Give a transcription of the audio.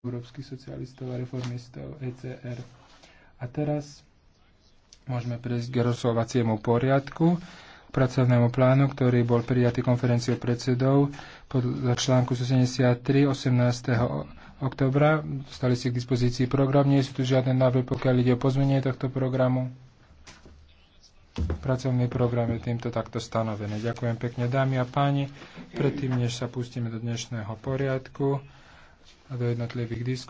európskych socialistov a reformistov ECR. A teraz môžeme prejsť k rozhovaciemu poriadku, pracovnému plánu, ktorý bol prijatý konferenciou predsedov podľa článku 73 18. oktobra. Stali ste k dispozícii program. Nie sú tu žiadne návrhy, pokiaľ ide o pozmenie tohto programu. Pracovný program je týmto takto stanovený. Ďakujem pekne, dámy a páni. Predtým, než sa pustíme do dnešného poriadku, a do jednotlivých diskusí.